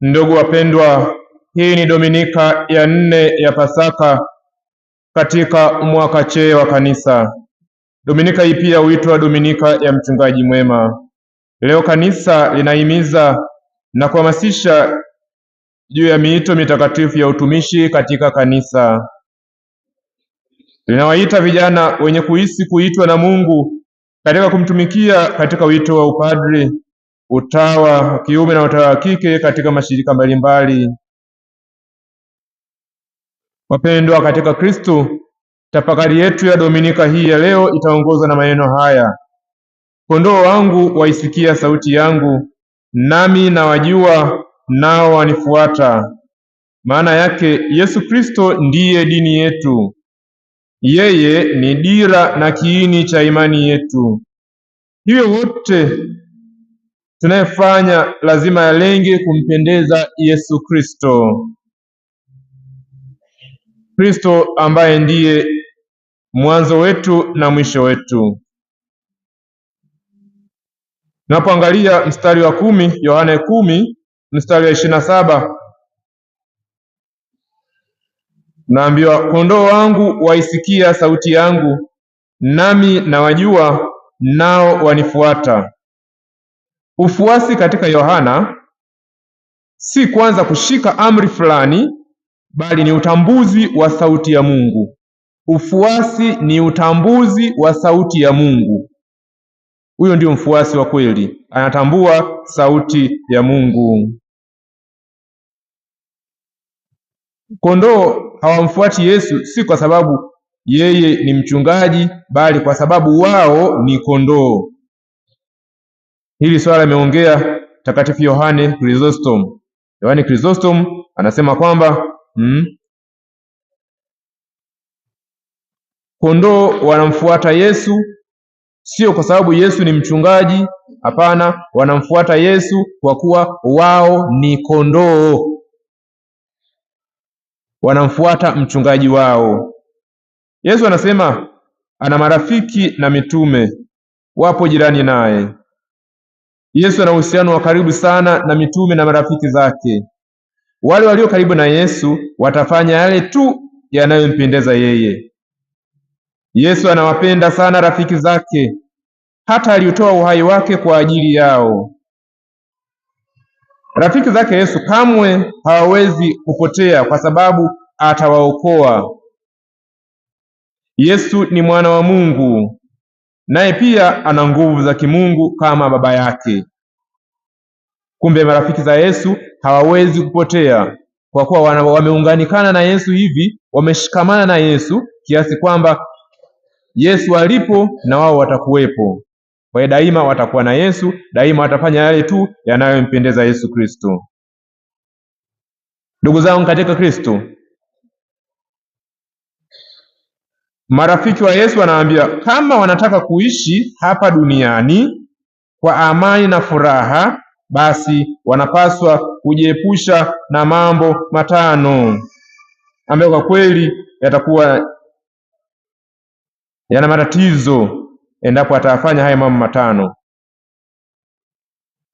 Ndugu wapendwa, hii ni dominika ya nne ya Pasaka katika mwaka C wa Kanisa. Dominika hii pia huitwa dominika ya mchungaji mwema. Leo Kanisa linahimiza na kuhamasisha juu ya miito mitakatifu ya utumishi katika Kanisa. Linawaita vijana wenye kuhisi kuitwa na Mungu katika kumtumikia katika wito wa upadri utawa wa kiume na utawa wa kike katika mashirika mbalimbali. Wapendwa katika Kristo, tafakari yetu ya Dominika hii ya leo itaongozwa na maneno haya: kondoo wangu waisikia sauti yangu, nami nawajua, nao wanifuata. Maana yake Yesu Kristo ndiye dini yetu. Yeye ni dira na kiini cha imani yetu. Hivyo wote tunayefanya lazima yalenge kumpendeza Yesu Kristo, Kristo ambaye ndiye mwanzo wetu na mwisho wetu. Tunapoangalia mstari wa kumi, Yohane kumi mstari wa ishirini na saba naambiwa, kondoo wangu waisikia sauti yangu, nami nawajua, nao wanifuata Ufuasi katika Yohana si kwanza kushika amri fulani, bali ni utambuzi wa sauti ya Mungu. Ufuasi ni utambuzi wa sauti ya Mungu. Huyo ndio mfuasi wa kweli, anatambua sauti ya Mungu. Kondoo hawamfuati Yesu si kwa sababu yeye ni mchungaji, bali kwa sababu wao ni kondoo. Hili swala limeongea Mtakatifu Yohane Chrysostom. Yohane Chrysostom anasema kwamba mm, kondoo wanamfuata Yesu sio kwa sababu Yesu ni mchungaji. Hapana, wanamfuata Yesu kwa kuwa wao ni kondoo, wanamfuata mchungaji wao. Yesu anasema ana marafiki na mitume wapo jirani naye Yesu ana uhusiano wa karibu sana na mitume na marafiki zake. Wale walio karibu na Yesu watafanya yale tu yanayompendeza yeye. Yesu anawapenda sana rafiki zake, hata aliutoa uhai wake kwa ajili yao. Rafiki zake Yesu kamwe hawawezi kupotea, kwa sababu atawaokoa. Yesu ni mwana wa Mungu, naye pia ana nguvu za kimungu kama baba yake. Kumbe marafiki za Yesu hawawezi kupotea kwa kuwa wameunganikana na Yesu hivi, wameshikamana na Yesu kiasi kwamba Yesu alipo na wao watakuwepo. Kwa hiyo daima watakuwa na Yesu, daima watafanya yale tu yanayompendeza Yesu Kristo. Ndugu zangu katika Kristo, Marafiki wa Yesu wanaambia kama wanataka kuishi hapa duniani kwa amani na furaha, basi wanapaswa kujiepusha na mambo matano ambayo kwa kweli yatakuwa yana matatizo endapo atayafanya haya mambo matano.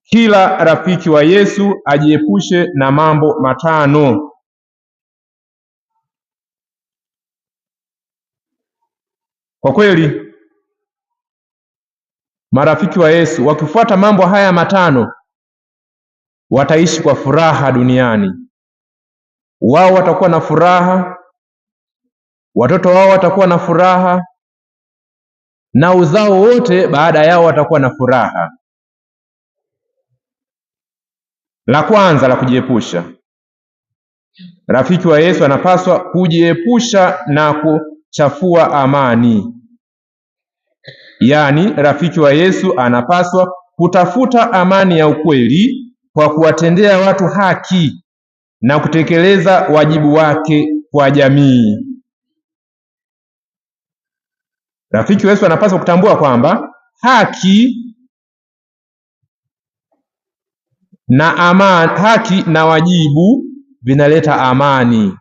Kila rafiki wa Yesu ajiepushe na mambo matano. Kwa kweli marafiki wa Yesu wakifuata mambo haya matano wataishi kwa furaha duniani. Wao watakuwa na furaha, watoto wao watakuwa na furaha, na uzao wote baada yao watakuwa na furaha. La kwanza la kujiepusha, rafiki wa Yesu anapaswa kujiepusha na kuchafua amani yaani rafiki wa Yesu anapaswa kutafuta amani ya ukweli kwa kuwatendea watu haki na kutekeleza wajibu wake kwa jamii. Rafiki wa Yesu anapaswa kutambua kwamba haki na amani, haki na wajibu vinaleta amani.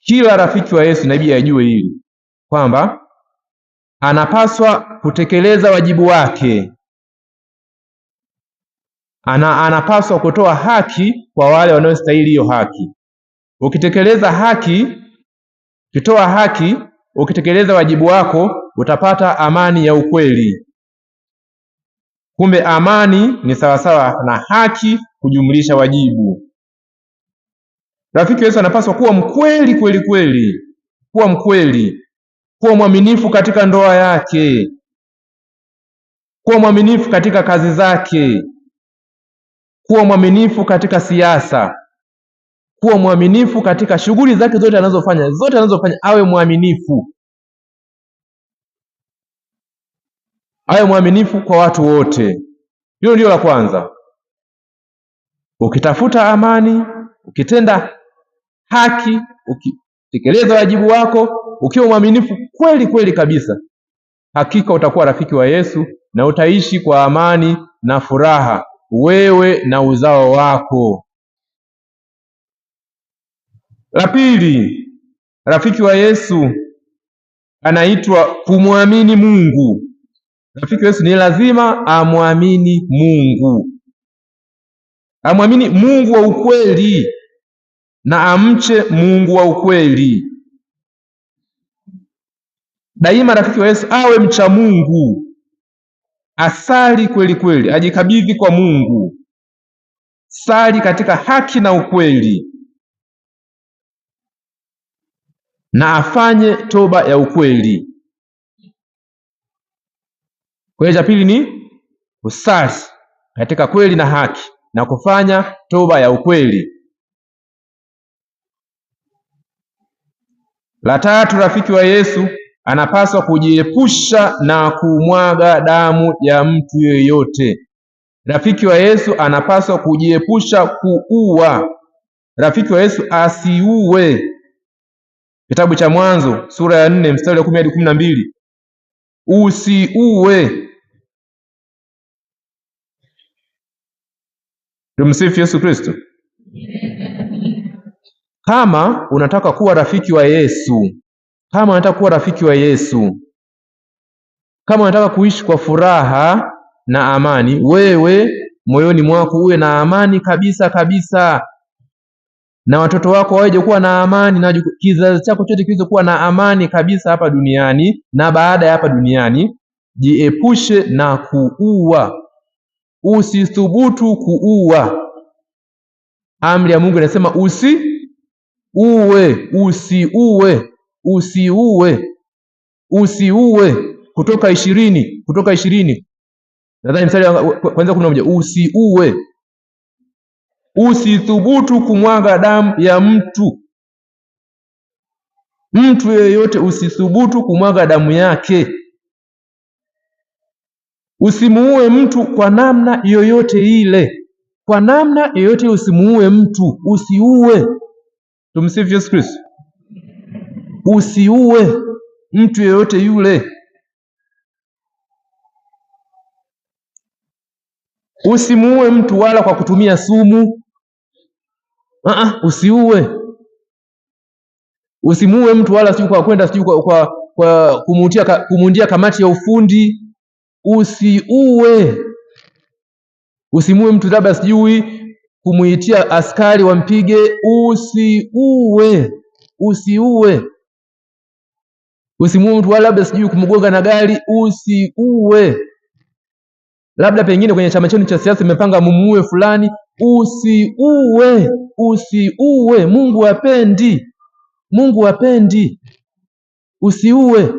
Kila rafiki wa Yesu inabidi ajue hili kwamba anapaswa kutekeleza wajibu wake ana, anapaswa kutoa haki kwa wale wanaostahili hiyo haki. Ukitekeleza haki, ukitoa haki, ukitekeleza wajibu wako utapata amani ya ukweli. Kumbe amani ni sawasawa na haki kujumlisha wajibu. Rafiki Yesu anapaswa kuwa mkweli kweli kweli, kuwa mkweli kuwa mwaminifu katika ndoa yake, kuwa mwaminifu katika kazi zake, kuwa mwaminifu katika siasa, kuwa mwaminifu katika shughuli zake zote anazofanya, zote anazofanya awe mwaminifu, awe mwaminifu kwa watu wote. Hilo ndio la kwanza. Ukitafuta amani, ukitenda haki, ukitekeleza wajibu wako ukiwa mwaminifu kweli kweli kabisa, hakika utakuwa rafiki wa Yesu na utaishi kwa amani na furaha, wewe na uzao wako. La pili, rafiki wa Yesu anaitwa kumwamini Mungu. Rafiki wa Yesu ni lazima amwamini Mungu, amwamini Mungu wa ukweli na amche Mungu wa ukweli. Daima rafiki wa Yesu awe mcha Mungu, asali kweli kweli, ajikabidhi kwa Mungu, sali katika haki na ukweli, na afanye toba ya ukweli. Kweli cha pili ni usali katika kweli na haki na kufanya toba ya ukweli. La tatu, rafiki wa Yesu anapaswa kujiepusha na kumwaga damu ya mtu yeyote. Rafiki wa Yesu anapaswa kujiepusha kuua. Rafiki wa Yesu asiue. Kitabu cha Mwanzo sura ya nne mstari wa kumi hadi kumi na mbili usiue. Tumsifu Yesu Kristo. Kama unataka kuwa rafiki wa Yesu, kama unataka kuwa rafiki wa Yesu, kama unataka kuishi kwa furaha na amani, wewe moyoni mwako uwe na amani kabisa kabisa, na watoto wako waje kuwa na amani, na kizazi chako chote kiweze kuwa na amani kabisa hapa duniani na baada ya hapa duniani. Jiepushe na kuua, usithubutu kuua. Amri ya Mungu inasema usi uwe, usiuwe usiue, usiue. Kutoka ishirini, Kutoka ishirini nadhani mstari kwanza kumi na moja usiue, usithubutu kumwaga damu ya mtu, mtu yeyote usithubutu kumwaga damu yake. Usimuue mtu kwa namna yoyote ile, kwa namna yoyote usimuue mtu, usiue. Tumsifu Yesu Kristo usiue mtu yeyote yule, usimuue mtu wala kwa kutumia sumu. Aa, usiue, usimuue mtu wala sijui kwa kwenda sijui kwa, kwa, kwa kumuundia, kumundia kamati ya ufundi. Usiue, usimuue mtu labda sijui kumuitia askari wampige. Usiue, usiue. Usimuue mtu, wala labda sijui kumgonga na gari, usiue. Labda pengine kwenye chama chenu cha siasa mmepanga mumuue fulani, usiue, usiue. Mungu apendi, Mungu apendi usiue.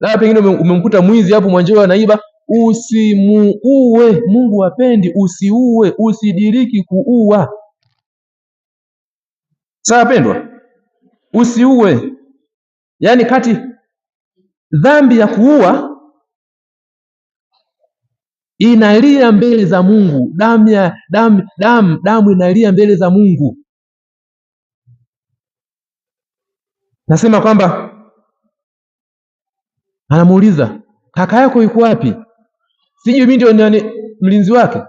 Labda pengine umemkuta mwizi hapo mwanjeo anaiba, usimuue. Mungu apendi, usiue, usidiriki kuua. Sawa pendwa, usiue. Yaani kati dhambi ya kuua inalia mbele za Mungu, damu ya damu damu damu inalia mbele za Mungu. Nasema kwamba anamuuliza kaka yako yuko wapi? Sijui mimi ndio mlinzi wake.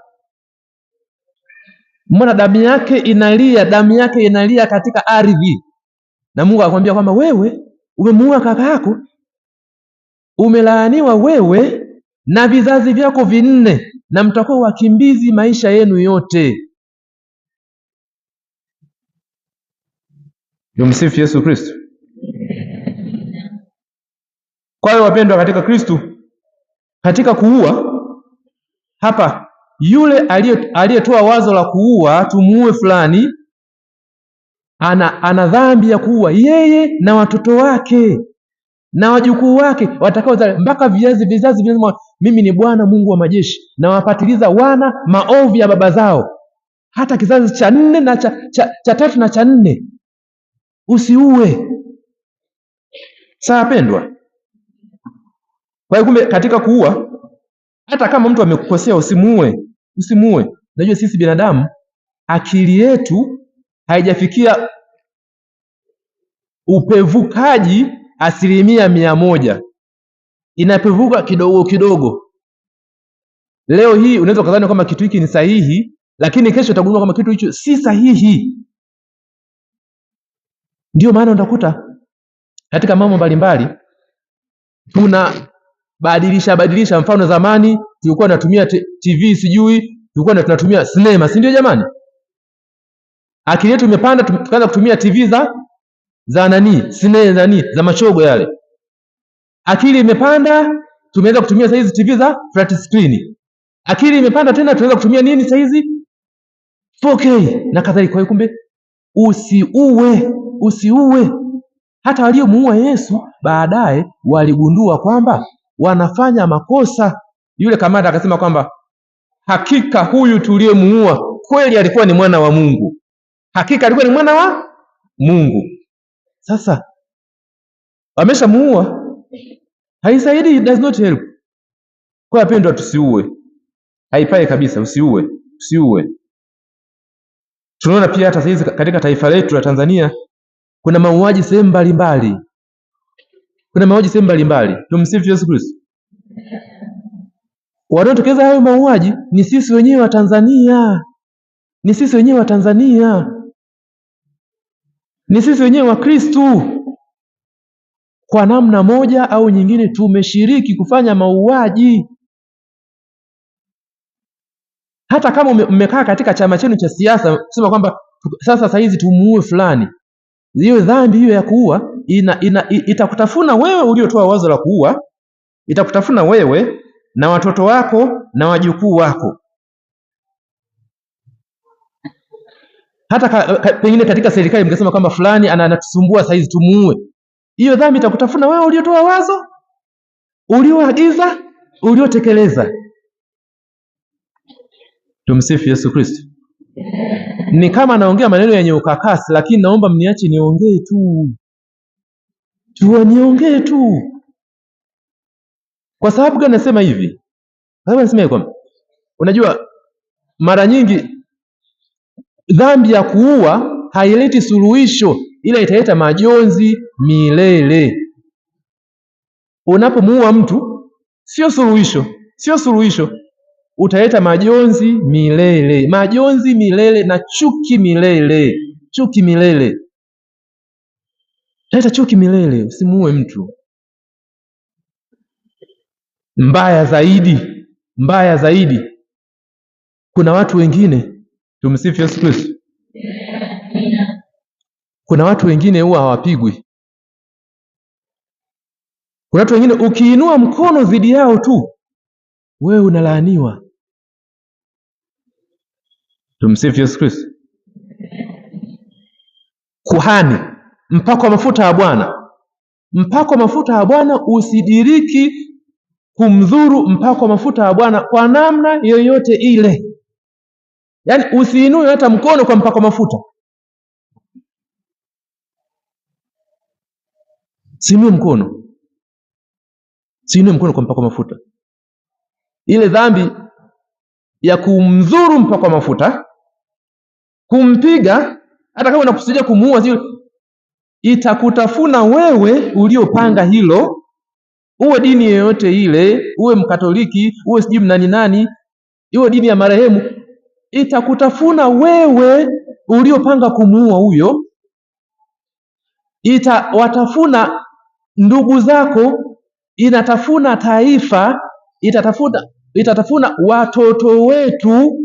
Mbona damu yake inalia, damu yake inalia katika ardhi, na Mungu akamwambia kwamba wewe umemuua kaka yako, umelaaniwa wewe na vizazi vyako vinne, na mtakuwa wakimbizi maisha yenu yote. yumsifu Yesu Kristo. Kwa hiyo wapendwa katika Kristo, katika kuua hapa, yule aliyetoa wazo la kuua tumuue fulani ana, ana dhambi ya kuua yeye na watoto wake na wajukuu wake watakao mpaka vizazi vizazi vinasema Mimi ni Bwana Mungu wa majeshi, nawapatiliza wana maovu ya baba zao hata kizazi cha nne na cha, cha, cha tatu na cha nne. Usiue. Sawa pendwa. Kwa hiyo kumbe, katika kuua, hata kama mtu amekukosea usimuue, usimuue. najua sisi binadamu akili yetu haijafikia upevukaji asilimia mia moja, inapevuka kidogo kidogo. Leo hii unaweza ukadhani kwamba kitu hiki ni sahihi, lakini kesho utagundua kwamba kitu hicho si sahihi. Ndiyo maana utakuta katika mambo mbalimbali badilisha badilisha. Mfano zamani tulikuwa tunatumia TV, sijui tulikuwa tunatumia sinema, si ndio jamani? akili yetu imepanda, tukaanza kutumia TV za za nani sine nani za machogo yale. Akili imepanda, tumeanza kutumia saizi TV za flat screen. Akili imepanda tena, tunaweza kutumia nini saizi 4K na kadhalika. Kwa hiyo kumbe, usiue, usiue. Hata waliomuua Yesu baadaye waligundua kwamba wanafanya makosa. Yule kamanda akasema kwamba hakika huyu tuliyemuua kweli alikuwa ni mwana wa Mungu hakika alikuwa ni mwana wa Mungu. Sasa ameshamuua, haisaidii, does not help. Kwa pendwa, tusiue, haipai kabisa, usiue, usiue. Tunaona pia hata saizi katika taifa letu la Tanzania kuna mauaji sehemu mbalimbali, kuna mauaji sehemu mbalimbali. Tumsifu Yesu Kristo. Wanaotokeza hayo mauaji ni sisi wenyewe wa Tanzania, ni sisi wenyewe wa Tanzania ni sisi wenyewe wa Kristu kwa namna moja au nyingine tumeshiriki kufanya mauaji. Hata kama mmekaa katika chama chenu cha siasa sema kwamba sasa sahizi tumuue fulani, hiyo dhambi hiyo ya kuua ina, ina, itakutafuna wewe uliotoa wazo la kuua, itakutafuna wewe na watoto wako na wajukuu wako. hata ka, ka, pengine katika serikali mkasema kwamba fulani anatusumbua saizi tumuue, hiyo dhambi itakutafuna wewe uliotoa wazo, ulioagiza, uliotekeleza. Tumsifu Yesu Kristo. Ni kama naongea maneno yenye ukakasi, lakini naomba mniache niongee tu, tuwaniongee tu. Kwa sababu gani nasema hivi? Kwa sababu nasema kwa unajua mara nyingi Dhambi ya kuua haileti suluhisho, ila italeta majonzi milele. Unapomuua mtu sio suluhisho, sio suluhisho, utaleta majonzi milele, majonzi milele na chuki milele, chuki milele, leta chuki milele. Usimuue mtu. Mbaya zaidi, mbaya zaidi, kuna watu wengine Tumsifu Yesu Kristo. Kuna watu wengine huwa hawapigwi. Kuna watu wengine ukiinua mkono dhidi yao tu wewe unalaaniwa. Tumsifu Yesu Kristo. Kuhani, mpako wa mafuta ya Bwana. Mpako wa mafuta ya Bwana usidiriki kumdhuru mpako wa mafuta ya Bwana kwa namna yoyote ile yaani usiinue hata mkono kwa mpako mafuta, siinue mkono, siinue mkono kwa mpako mafuta. Ile dhambi ya kumdhuru mpako mafuta, kumpiga, hata kama unakusudia kumuua, itakutafuna wewe uliopanga hilo uwe dini yoyote ile, uwe Mkatoliki, uwe sijui mnani nani, iwe dini ya marehemu, itakutafuna wewe uliopanga kumuua huyo, itawatafuna ndugu zako, inatafuna taifa, itatafuna, itatafuna watoto wetu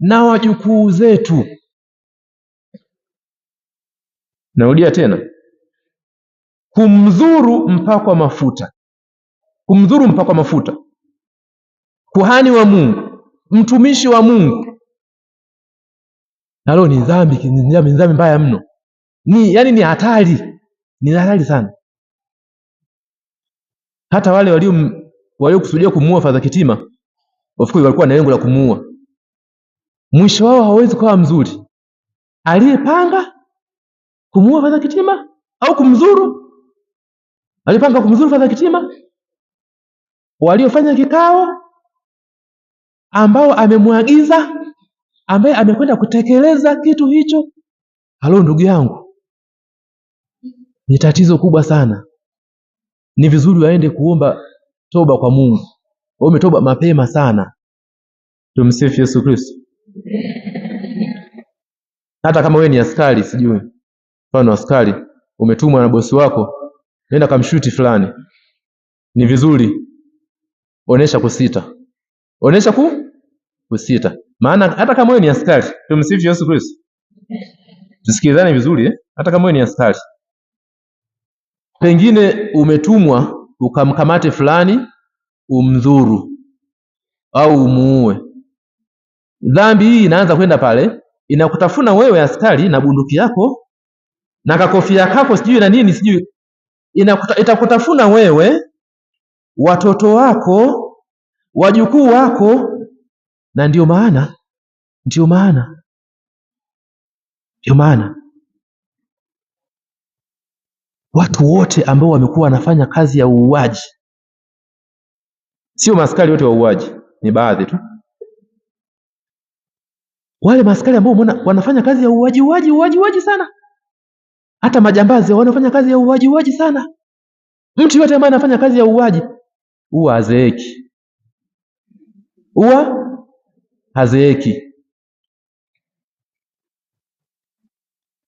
na wajukuu zetu. Narudia tena, kumdhuru mpakwa mafuta, kumdhuru mpakwa mafuta, kuhani wa Mungu, mtumishi wa Mungu nalo ni dhambi, ni dhambi mbaya mno, ni yani ni hatari, ni hatari sana. Hata wale walio waliokusudia kumuua Fadha Kitima of course walikuwa na lengo la kumuua, mwisho wao hawezi kuwa mzuri. Aliyepanga kumuua Fadha Kitima au kumzuru, alipanga kumzuru Fadha Kitima, waliofanya kikao, ambao amemwagiza ambaye amekwenda kutekeleza kitu hicho. Halo ndugu yangu, ni tatizo kubwa sana. Ni vizuri waende kuomba toba kwa Mungu, toba mapema sana. Tumsifu Yesu Kristo. Hata kama wewe ni askari, sijui mfano askari, umetumwa na bosi wako, nenda kamshuti fulani, ni vizuri onesha kusita, onesha ku kusita. Maana hata kama wewe ni askari, tumsifu Yesu Kristo. Tusikilizane vizuri eh? Hata kama wewe ni askari, pengine umetumwa ukamkamate fulani umdhuru au umuue, dhambi hii inaanza kwenda pale, inakutafuna wewe askari na bunduki yako na kakofia kako sijui na nini sijui, itakutafuna wewe, watoto wako, wajukuu wako na ndiyo maana ndiyo maana ndiyo maana watu wote ambao wamekuwa wanafanya kazi ya uuaji, sio maskari wote wa uuaji, ni baadhi tu. Wale maskari ambao umeona wanafanya kazi ya uuaji uuaji uuaji uuaji sana, hata majambazi wanafanya kazi ya uuaji uuaji sana. Mtu yote ambaye anafanya kazi ya uuaji huwa azeeki, huwa hazeeki.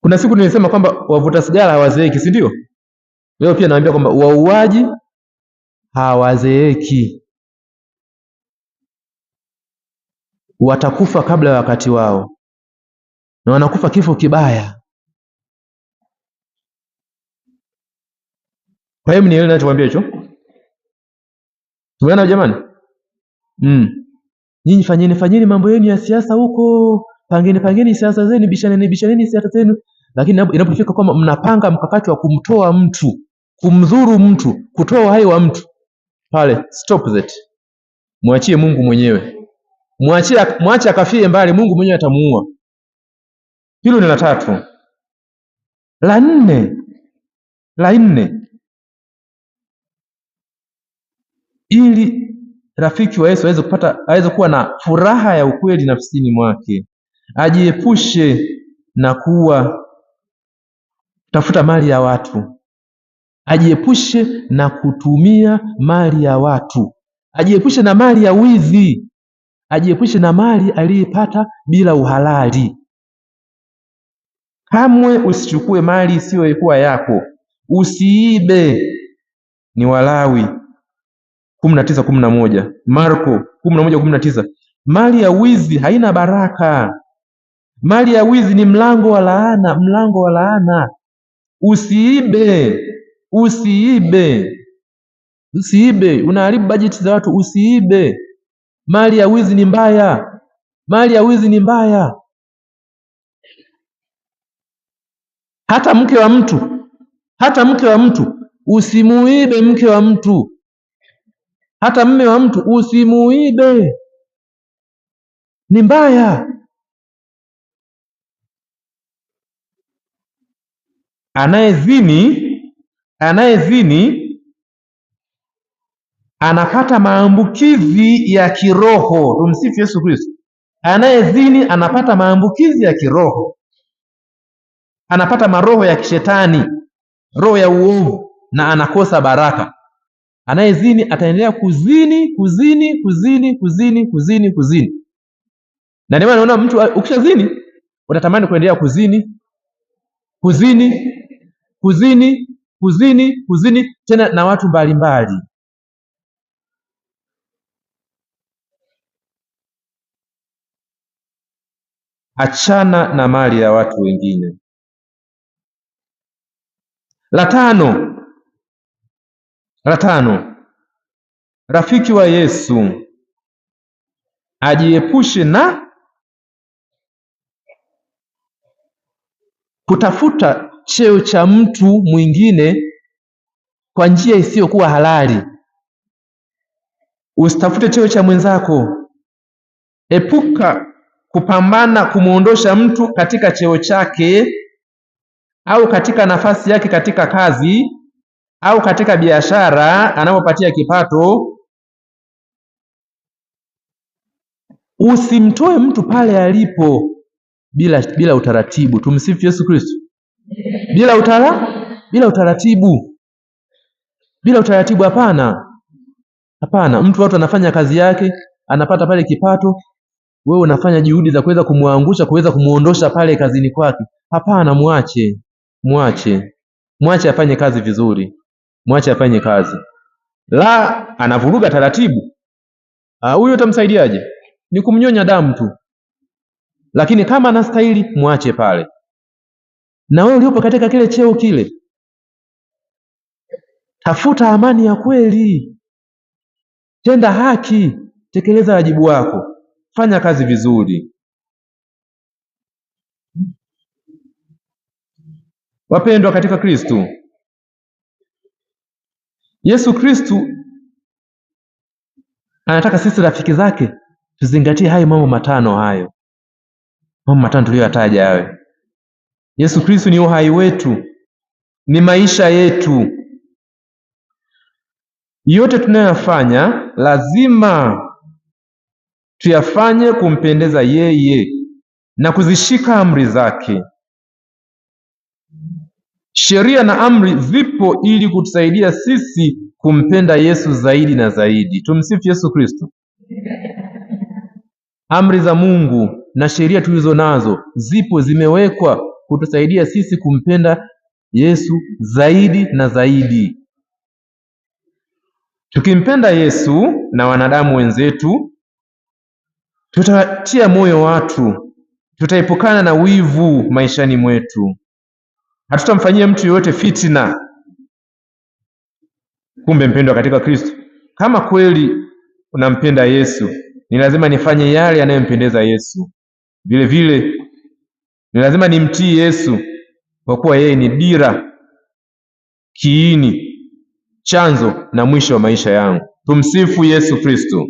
Kuna siku nilisema kwamba wavuta sigara hawazeeki, si ndio? Leo pia naambia kwamba wauaji hawazeeki, watakufa kabla ya wakati wao, na wanakufa kifo kibaya. Kwa hiyo mnielewe ninachokwambia hicho, tumeona jamani, mm. Nyinyi fanyeni fanyeni mambo yenu ya siasa huko, pangeni pangeni siasa zenu, bishaneni bishaneni siasa zenu, lakini inapofika kwamba mnapanga mkakati wa kumtoa mtu, kumdhuru mtu, kutoa uhai wa mtu, pale stop that, mwachie Mungu mwenyewe, mwachie mwache akafie mbali, Mungu mwenyewe atamuua. Hilo ni la tatu. La nne, la nne ili Rafiki wa Yesu aweze kupata, aweze kuwa na furaha ya ukweli nafsini mwake, ajiepushe na kuwa tafuta mali ya watu, ajiepushe na kutumia mali ya watu, ajiepushe na mali ya wizi, ajiepushe na mali aliyepata bila uhalali. Kamwe usichukue mali isiyokuwa yako, usiibe. Ni Walawi kumi na tisa kumi na moja Marko kumi na moja kumi na tisa mali ya wizi haina baraka. Mali ya wizi ni mlango wa laana, mlango wa laana. Usiibe, usiibe, usiibe, unaharibu bajeti za watu. Usiibe. Mali ya wizi ni mbaya, mali ya wizi ni mbaya. Hata mke wa mtu, hata mke wa mtu usimuibe mke wa mtu hata mme wa mtu usimuibe, ni mbaya. Anayezini anayezini anapata maambukizi ya kiroho. Tumsifu Yesu Kristo. Anayezini anapata maambukizi ya kiroho, anapata maroho ya kishetani, roho ya uovu, na anakosa baraka. Anayezini ataendelea kuzini kuzini kuzini kuzini kuzini kuzini, na ndio maana unaona mtu ukishazini unatamani kuendelea kuzini kuzini kuzini kuzini kuzini tena na watu mbalimbali. Achana na mali ya watu wengine. La tano, la tano, rafiki wa Yesu ajiepushe na kutafuta cheo cha mtu mwingine kwa njia isiyokuwa halali. Usitafute cheo cha mwenzako. Epuka kupambana kumwondosha mtu katika cheo chake au katika nafasi yake katika kazi au katika biashara anapopatia kipato, usimtoe mtu pale alipo bila, bila utaratibu. Tumsifu Yesu Kristo. Bila utara, bila utaratibu, bila utaratibu, hapana, hapana. Mtu watu anafanya kazi yake anapata pale kipato, wewe unafanya juhudi za kuweza kumwangusha, kuweza kumuondosha pale kazini kwake. Hapana, mwache, mwache, mwache afanye kazi vizuri mwache afanye kazi. La, anavuruga taratibu, ah, huyo utamsaidiaje? Ni kumnyonya damu tu, lakini kama anastahili mwache pale. Na wewe uliopo katika kile cheo kile, tafuta amani ya kweli, tenda haki, tekeleza wajibu wako, fanya kazi vizuri. Wapendwa katika Kristo, Yesu Kristu anataka sisi rafiki zake tuzingatie hayo mambo matano hayo mambo matano tuliyoyataja hayo. Yesu Kristu ni uhai wetu, ni maisha yetu. Yote tunayoyafanya lazima tuyafanye kumpendeza yeye na kuzishika amri zake. Sheria na amri zipo ili kutusaidia sisi kumpenda Yesu zaidi na zaidi. Tumsifu Yesu Kristo. Amri za Mungu na sheria tulizo nazo zipo, zimewekwa kutusaidia sisi kumpenda Yesu zaidi na zaidi. Tukimpenda Yesu na wanadamu wenzetu, tutatia moyo watu, tutaepukana na wivu maishani mwetu hatutamfanyia mtu yoyote fitina. Kumbe mpendwa katika Kristo, kama kweli unampenda Yesu, ni lazima nifanye yale yanayompendeza Yesu. Vile vile ni lazima nimtii Yesu, kwa kuwa yeye ni dira, kiini, chanzo na mwisho wa maisha yangu. Tumsifu Yesu Kristo.